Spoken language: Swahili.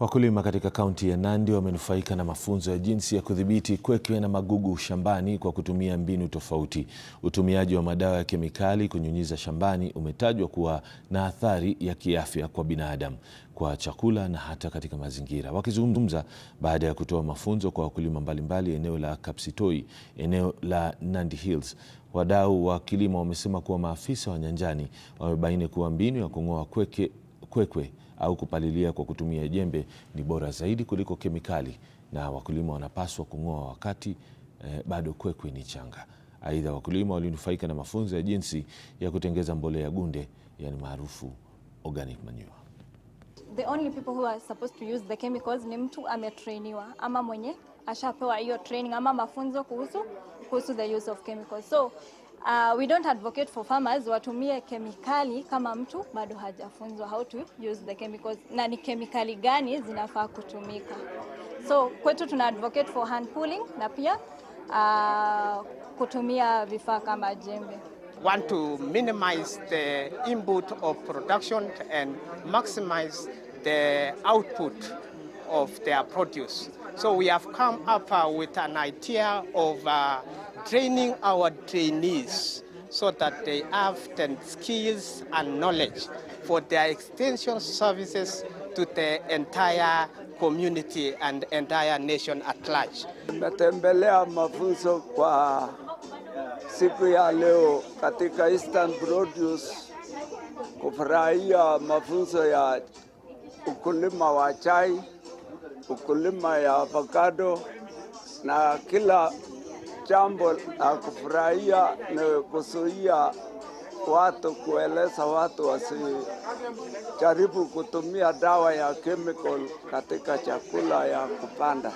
Wakulima katika kaunti ya Nandi wamenufaika na mafunzo ya jinsi ya kudhibiti kwekwe na magugu shambani kwa kutumia mbinu tofauti. Utumiaji wa madawa ya kemikali kunyunyiza shambani umetajwa kuwa na athari ya kiafya kwa binadamu, kwa chakula na hata katika mazingira. Wakizungumza baada ya kutoa mafunzo kwa wakulima mbalimbali eneo la Kapsitoi, eneo la Nandi Hills, wadau wa kilimo wamesema kuwa maafisa wa nyanjani wamebaini kuwa mbinu ya kung'oa kwekwe au kupalilia kwa kutumia jembe ni bora zaidi kuliko kemikali, na wakulima wanapaswa kung'oa wakati eh, bado kwekwe ni changa. Aidha, wakulima walinufaika na mafunzo ya jinsi ya kutengeza mbolea ya gunde, yani maarufu organic manure. The only people who are supposed to use the chemicals ni mtu ametrainiwa ama mwenye ashapewa hiyo training ama mafunzo kuhusu kuhusu the use of chemicals. So Uh, we don't advocate for farmers watumie kemikali kama mtu bado hajafunzwa how to use the chemicals na ni kemikali gani zinafaa kutumika. So kwetu tuna advocate for hand pulling na pia uh, kutumia vifaa kama jembe. Want to minimize the input of production and maximize the output of their produce. So we have come up uh, with an idea of uh, training our trainees so that they have the skills and knowledge for their extension services to the entire community and entire nation at large. Nimetembelea mafunzo kwa siku ya leo katika Eastern Produce kufurahia mafunzo ya ukulima wa chai, ukulima ya avocado na kila jambo la kufurahia ni kuzuia watu kueleza watu wasijaribu kutumia dawa ya chemical katika chakula ya kupanda.